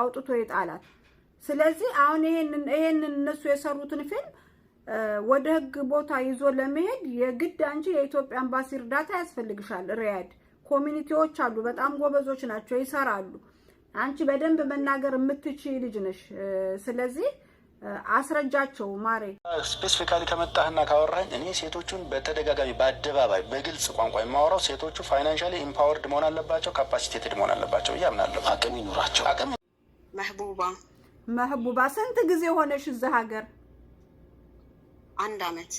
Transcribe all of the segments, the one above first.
አውጥቶ ይጣላል። ስለዚህ አሁን ይሄንን ይሄንን እነሱ የሰሩትን ፊልም ወደ ህግ ቦታ ይዞ ለመሄድ የግድ አንቺ የኢትዮጵያ ኤምባሲ እርዳታ ያስፈልግሻል። ሪያድ ኮሚኒቲዎች አሉ፣ በጣም ጎበዞች ናቸው፣ ይሰራሉ። አንቺ በደንብ መናገር የምትች ልጅ ነሽ። ስለዚህ አስረጃቸው ማሬ። ስፔሲፊካሊ ከመጣህና ካወራኝ እኔ ሴቶቹን በተደጋጋሚ በአደባባይ በግልጽ ቋንቋ የማወራው ሴቶቹ ፋይናንሻሊ ኢምፓወርድ መሆን አለባቸው፣ ካፓሲቴትድ መሆን አለባቸው እያምናለሁ። አቅም ይኑራቸው። መህቡባ መህቡባ ስንት ጊዜ ሆነሽ እዚህ ሀገር? አንድ አመት።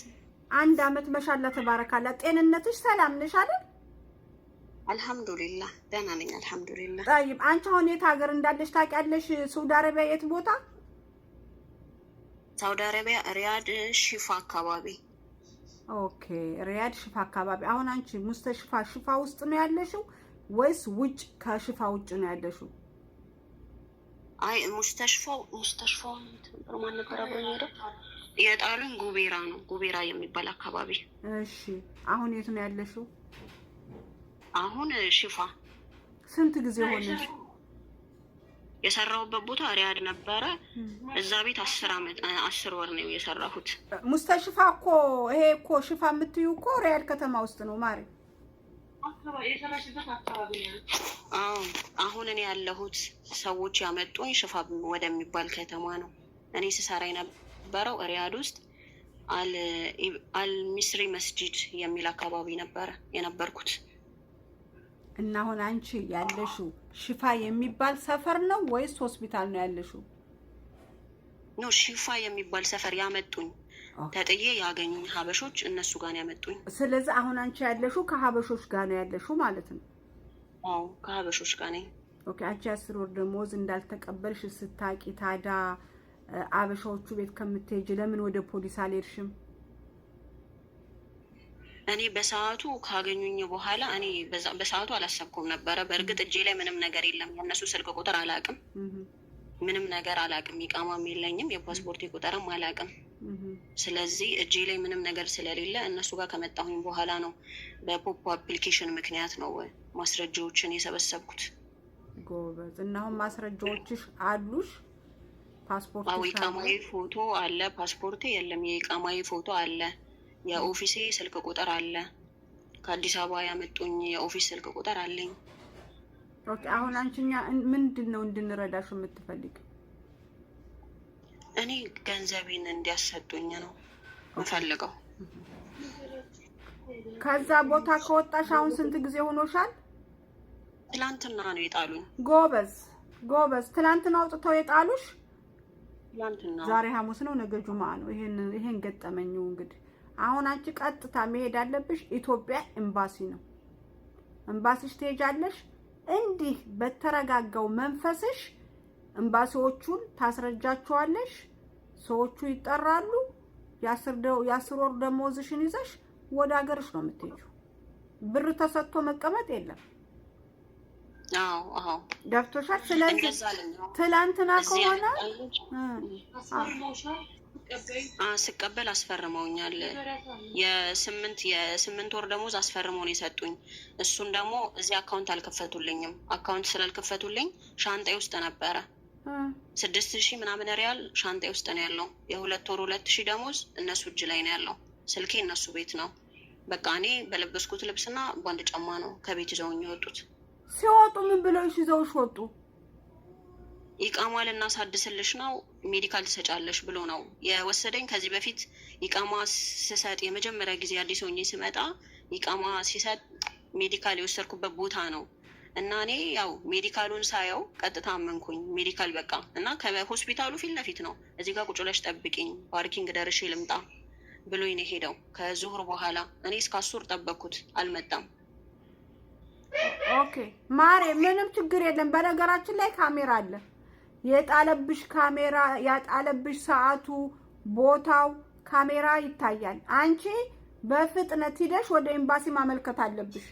አንድ አመት። መሻላ ተባረካላ። ጤንነትሽ ሰላም ነሽ አይደል? አልሐምዱሊላህ ደህና ነኝ። አልሐምዱሊላህ። ጠይብ አንቺ አሁን የት ሀገር እንዳለሽ ታውቂያለሽ? ሳውዲ አረቢያ የት ቦታ? ሳውዲ አረቢያ ሪያድ ሽፋ አካባቢ። ኦኬ ሪያድ ሽፋ አካባቢ። አሁን አንቺ ሙስተሽፋ ሽፋ ውስጥ ነው ያለሽው ወይስ ውጭ ከሽፋ ውጭ ነው ያለሽው? አይ ሙስተሽፋው ሙስተሽፋው ማን ነበር አብሮ ሄደው የጣሉኝ ጉቤራ ነው ጉቤራ የሚባል አካባቢ። እሺ አሁን የት ነው ያለሽው? አሁን ሽፋ። ስንት ጊዜ ሆነሽ? የሰራሁበት ቦታ ሪያድ ነበረ። እዛ ቤት አስር አመት አስር ወር ነው የሰራሁት። ሙስተሽፋ እኮ ይሄ እኮ ሽፋ የምትዩ እኮ ሪያድ ከተማ ውስጥ ነው ማሬ አዎ አሁን እኔ ያለሁት ሰዎች ያመጡኝ ሽፋ ወደሚባል ከተማ ነው። እኔ ስሰራ የነበረው ሪያድ ውስጥ አልሚስሪ መስጂድ የሚል አካባቢ ነበረ የነበርኩት። እና አሁን አንቺ ያለሽው ሽፋ የሚባል ሰፈር ነው ወይስ ሆስፒታል ነው ያለሽው? ኖ ሽፋ የሚባል ሰፈር ያመጡኝ ተጥዬ ያገኙኝ ሀበሾች እነሱ ጋር ነው ያመጡኝ። ስለዚህ አሁን አንቺ ያለሹ ከሀበሾች ጋር ነው ያለሹ ማለት ነው? አዎ ከሀበሾች ጋር ነኝ። ኦኬ። አንቺ አስር ወር ደሞዝ እንዳልተቀበልሽ ስታቂ ታዳ አበሻዎቹ ቤት ከምትሄጅ ለምን ወደ ፖሊስ አልሄድሽም? እኔ በሰዓቱ ካገኙኝ በኋላ እኔ በሰዓቱ አላሰብኩም ነበረ። በእርግጥ እጄ ላይ ምንም ነገር የለም። የእነሱ ስልክ ቁጥር አላቅም፣ ምንም ነገር አላቅም ይቃማም የለኝም፣ የፓስፖርት ቁጥርም አላቅም። ስለዚህ እጄ ላይ ምንም ነገር ስለሌለ እነሱ ጋር ከመጣሁኝ በኋላ ነው በፖፖ አፕሊኬሽን ምክንያት ነው ማስረጃዎችን የሰበሰብኩት። ጎበዝ። እና አሁን ማስረጃዎችሽ አሉሽ? ፓስፖርት የቃማዊ ፎቶ አለ። ፓስፖርቴ የለም፣ የቃማዊ ፎቶ አለ። የኦፊሴ ስልክ ቁጥር አለ። ከአዲስ አበባ ያመጡኝ የኦፊስ ስልክ ቁጥር አለኝ። አሁን አንቺ ምንድን ነው እንድንረዳሽ የምትፈልግ? እኔ ገንዘቤን እንዲያሰጡኝ ነው የምፈልገው። ከዛ ቦታ ከወጣሽ አሁን ስንት ጊዜ ሆኖሻል? ትላንትና ነው የጣሉኝ። ጎበዝ ጎበዝ። ትላንትና አውጥተው የጣሉሽ? ዛሬ ሐሙስ ነው፣ ነገ ጁማ ነው። ይሄን ይሄን ገጠመኙ እንግዲህ አሁን አንቺ ቀጥታ መሄድ አለብሽ። ኢትዮጵያ ኤምባሲ ነው። ኤምባሲሽ ትሄጃለሽ። እንዲህ በተረጋጋው መንፈስሽ ኤምባሲዎቹን ታስረጃቸዋለሽ። ሰዎቹ ይጠራሉ። የአስር ወር ደሞዝሽን ይዘሽ ወደ ሀገርሽ ነው የምትሄጂው። ብር ተሰጥቶ መቀመጥ የለም። ገብቶሻል? ስለዚህ ትላንትና ከሆነ ስቀበል አስፈርመውኛል። የስምንት የስምንት ወር ደሞዝ ነው የሰጡኝ እሱን ደግሞ እዚህ አካውንት አልከፈቱልኝም። አካውንት ስላልከፈቱልኝ ሻንጣይ ውስጥ ነበረ ስድስት ሺህ ምናምን ሪያል ሻንጤ ውስጥ ነው ያለው። የሁለት ወር ሁለት ሺህ ደሞዝ እነሱ እጅ ላይ ነው ያለው። ስልኬ እነሱ ቤት ነው። በቃ እኔ በለበስኩት ልብስና ጓንድ ጫማ ነው ከቤት ይዘውኝ የወጡት። ሲወጡ ምን ብለውሽ ይዘውሽ ወጡ? ኢቃማ ልናሳድስልሽ ነው ሜዲካል ትሰጫለሽ ብሎ ነው የወሰደኝ። ከዚህ በፊት ኢቃማ ስሰጥ የመጀመሪያ ጊዜ አዲስ ሆኜ ስመጣ ኢቃማ ሲሰጥ ሜዲካል የወሰድኩበት ቦታ ነው እና እኔ ያው ሜዲካሉን ሳየው ቀጥታ አመንኩኝ። ሜዲካል በቃ እና ከሆስፒታሉ ፊት ለፊት ነው። እዚህ ጋር ቁጭ ብለሽ ጠብቂኝ፣ ፓርኪንግ ደርሼ ልምጣ ብሎኝ ነው ሄደው። ከዙሁር በኋላ እኔ እስከ አሱር ጠበቅኩት፣ አልመጣም። ኦኬ ማሬ፣ ምንም ችግር የለም። በነገራችን ላይ ካሜራ አለ። የጣለብሽ ካሜራ ያጣለብሽ ሰዓቱ፣ ቦታው ካሜራ ይታያል። አንቺ በፍጥነት ሂደሽ ወደ ኤምባሲ ማመልከት አለብሽ።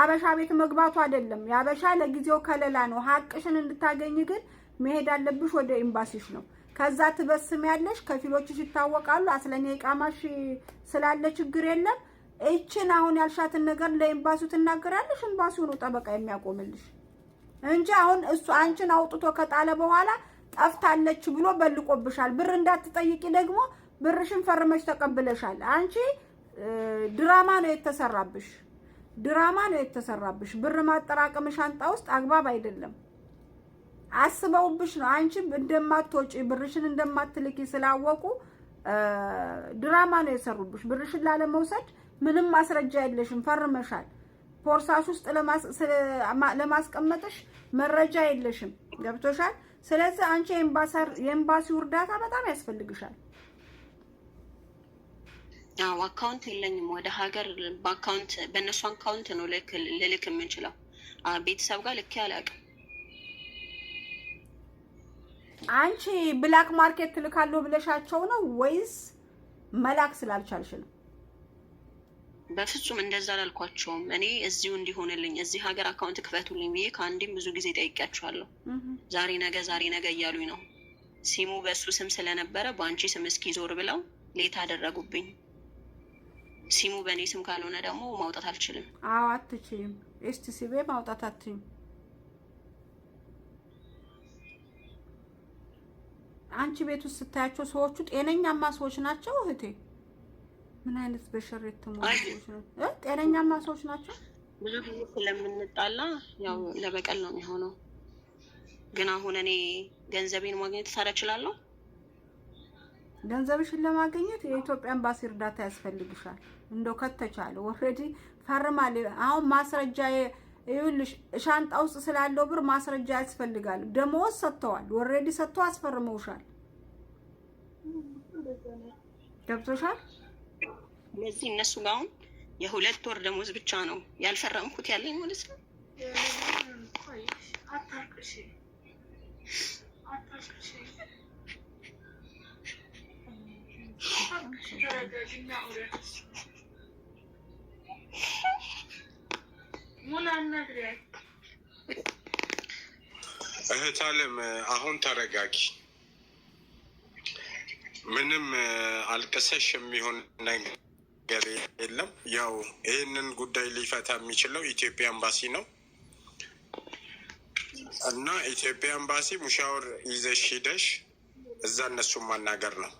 አበሻ ቤት መግባቱ አይደለም። የአበሻ ለጊዜው ከለላ ነው። ሀቅሽን እንድታገኝ ግን መሄድ አለብሽ ወደ ኤምባሲሽ ነው። ከዛ ትበስም ያለሽ ከፊሎችሽ ይታወቃሉ። አስለኛ ይቃማሽ ስላለ ችግር የለም። እችን አሁን ያልሻትን ነገር ለኤምባሲው ትናገራለሽ። ኤምባሲው ነው ጠበቃ የሚያቆምልሽ እንጂ አሁን እሱ አንቺን አውጥቶ ከጣለ በኋላ ጠፍታለች ብሎ በልቆብሻል። ብር እንዳትጠይቂ ደግሞ ብርሽን ፈርመሽ ተቀብለሻል። አንቺ ድራማ ነው የተሰራብሽ። ድራማ ነው የተሰራብሽ። ብር ማጠራቀም ሻንጣ ውስጥ አግባብ አይደለም። አስበውብሽ ነው። አንቺ እንደማትወጪ ብርሽን እንደማትልኪ ስላወቁ ድራማ ነው የሰሩብሽ። ብርሽን ላለመውሰድ ምንም ማስረጃ የለሽም፣ ፈርመሻል። ፖርሳሽ ውስጥ ለማስቀመጥሽ መረጃ የለሽም። ገብቶሻል። ስለዚህ አንቺ የኤምባሲው እርዳታ በጣም ያስፈልግሻል። አዎ አካውንት የለኝም። ወደ ሀገር በአካውንት በእነሱ አካውንት ነው ልልክ የምንችለው። ቤተሰብ ጋር ልክ አላውቅም። አንቺ ብላክ ማርኬት ትልካለሁ ብለሻቸው ነው ወይስ መላክ ስላልቻልሽ ነው? በፍጹም እንደዛ አላልኳቸውም። እኔ እዚሁ እንዲሆንልኝ እዚህ ሀገር አካውንት ክፈቱልኝ ብዬ ከአንዴም ብዙ ጊዜ ጠይቄያቸዋለሁ። ዛሬ ነገ፣ ዛሬ ነገ እያሉኝ ነው። ሲሙ በእሱ ስም ስለነበረ በአንቺ ስም እስኪ ዞር ብለው ሌት አደረጉብኝ። ሲሙ በእኔ ስም ካልሆነ ደግሞ ማውጣት አልችልም። አዎ አትችይም። ሲቤ ማውጣት አትችይም። አንቺ ቤት ውስጥ ስታያቸው ሰዎቹ ጤነኛማ ሰዎች ናቸው እህቴ። ምን አይነት በሸሬት ተሞች ጤነኛማ ሰዎች ናቸው። ብዙ ጊዜ ስለምንጣላ ያው ለበቀል ነው የሚሆነው። ግን አሁን እኔ ገንዘቤን ማግኘት ታዲያ እችላለሁ ገንዘብሽን ለማግኘት የኢትዮጵያ ኤምባሲ እርዳታ ያስፈልግሻል። እንደው ከተቻለ ወረዲ ፈርማል። አሁን ማስረጃ ይኸውልሽ፣ ሻንጣ ውስጥ ስላለው ብር ማስረጃ ያስፈልጋል። ደመወዝ ሰጥተዋል፣ ወሬዲ ሰጥቶ አስፈርመውሻል። ገብቶሻል። ለዚህ እነሱ ጋር አሁን የሁለት ወር ደሞዝ ብቻ ነው ያልፈረምኩት ያለኝ ማለት ነው። እህት አለም አሁን ተረጋጊ። ምንም አልቅሰሽ የሚሆን ነገር የለም። ያው ይህንን ጉዳይ ሊፈታ የሚችለው ኢትዮጵያ ኤምባሲ ነው እና ኢትዮጵያ ኤምባሲ ሙሻወር ይዘሽ ሂደሽ እዛ እነሱን ማናገር ነው።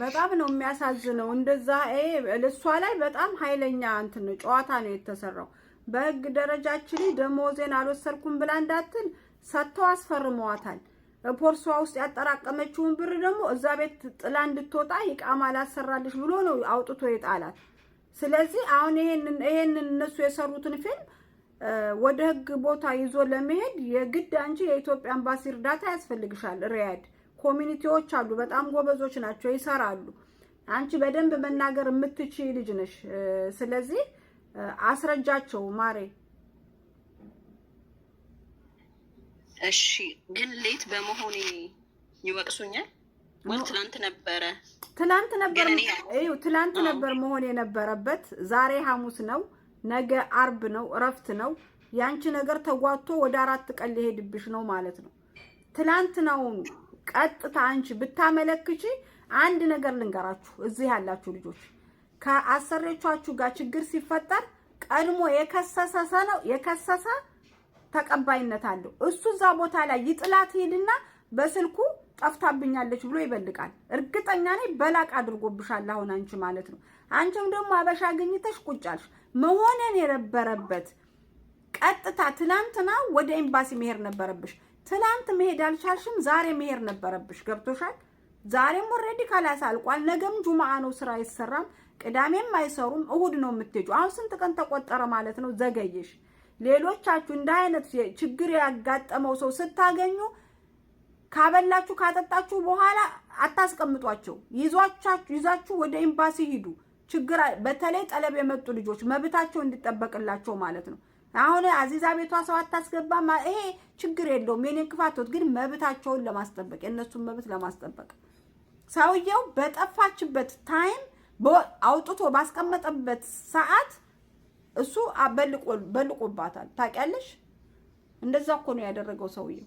በጣም ነው የሚያሳዝነው። እንደዛ እሷ ላይ በጣም ኃይለኛ እንትን ነው ጨዋታ ነው የተሰራው። በህግ ደረጃችን ደሞዜን አልወሰድኩም ብላ እንዳትል ሰጥተው አስፈርመዋታል። ፖርሷ ውስጥ ያጠራቀመችውን ብር ደግሞ እዛ ቤት ጥላ እንድትወጣ ይቃማ ላሰራልሽ ብሎ ነው አውጥቶ የጣላት። ስለዚህ አሁን ይሄንን እነሱ የሰሩትን ፊልም ወደ ህግ ቦታ ይዞ ለመሄድ የግድ አንቺ የኢትዮጵያ ኤምባሲ እርዳታ ያስፈልግሻል። ሪያድ ኮሚኒቲዎች አሉ፣ በጣም ጎበዞች ናቸው፣ ይሰራሉ። አንቺ በደንብ መናገር የምትች ልጅ ነሽ። ስለዚህ አስረጃቸው ማሬ። እሺ፣ ግን ሌት በመሆኔ ይወቅሱኛል ትላንት ነበረ ትላንት ነበር ትላንት ነበር መሆን የነበረበት። ዛሬ ሐሙስ ነው፣ ነገ አርብ ነው፣ እረፍት ነው። ያንቺ ነገር ተጓቶ ወደ አራት ቀን ሊሄድብሽ ነው ማለት ነው። ትላንት ትላንትናውኑ ቀጥታ አንቺ ብታመለክቺ፣ አንድ ነገር ልንገራችሁ፣ እዚህ ያላችሁ ልጆች ከአሰሪዎቻችሁ ጋር ችግር ሲፈጠር ቀድሞ የከሰሰ ነው የከሰሰ ተቀባይነት አለው። እሱ እዛ ቦታ ላይ ይጥላት ሄድና በስልኩ ጠፍታብኛለች ብሎ ይበልቃል። እርግጠኛ ነኝ በላቅ አድርጎብሻል አሁን አንቺ ማለት ነው። አንቺም ደግሞ አበሻ አገኝተሽ ቁጫልሽ መሆንን የነበረበት ቀጥታ ትናንትና ወደ ኤምባሲ መሄድ ነበረብሽ። ትናንት መሄድ አልቻልሽም፣ ዛሬ መሄድ ነበረብሽ። ገብቶሻል። ዛሬም ኦልሬዲ ካላስ አልቋል። ነገም ጁማአ ነው፣ ስራ አይሰራም። ቅዳሜም አይሰሩም። እሁድ ነው የምትሄጁ። አሁን ስንት ቀን ተቆጠረ ማለት ነው? ዘገየሽ። ሌሎቻችሁ እንደ አይነት ችግር ያጋጠመው ሰው ስታገኙ ካበላችሁ ካጠጣችሁ በኋላ አታስቀምጧቸው። ይዛችሁ ወደ ኤምባሲ ሂዱ። ችግር በተለይ ጠለብ የመጡ ልጆች መብታቸው እንዲጠበቅላቸው ማለት ነው። አሁን አዚዛ ቤቷ ሰው አታስገባም፣ ይሄ ችግር የለውም። የኔን ክፋቶት፣ ግን መብታቸውን ለማስጠበቅ የእነሱን መብት ለማስጠበቅ ሰውየው በጠፋችበት ታይም አውጥቶ ባስቀመጠበት ሰዓት እሱ በልቆባታል። ታውቂያለሽ፣ እንደዛ እኮ ነው ያደረገው ሰውየው።